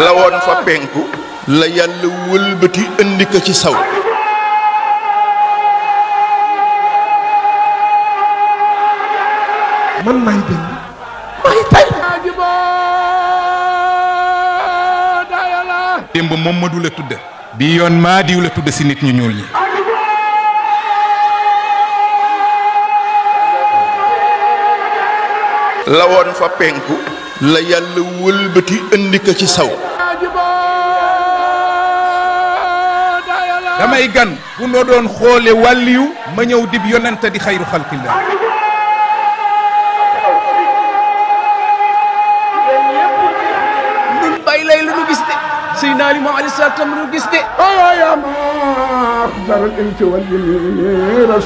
la woon fa penku la yàlla wëlbati indi ko ci saw man maay benn maay démb moom ma du la bi yoon maa diw la tudde si nit ñu ñuul ñi la woon fa penku la yàlla wëlbati indi ko ci saw damay gan bu noo doon xoole wàlliyu ma ñëw dib yonent di xayru xalqillah nun bàyyi lay lu nu gis de sëy naa li moom alei salatu salaam lu nu gis de ayaam daral insi wal jinni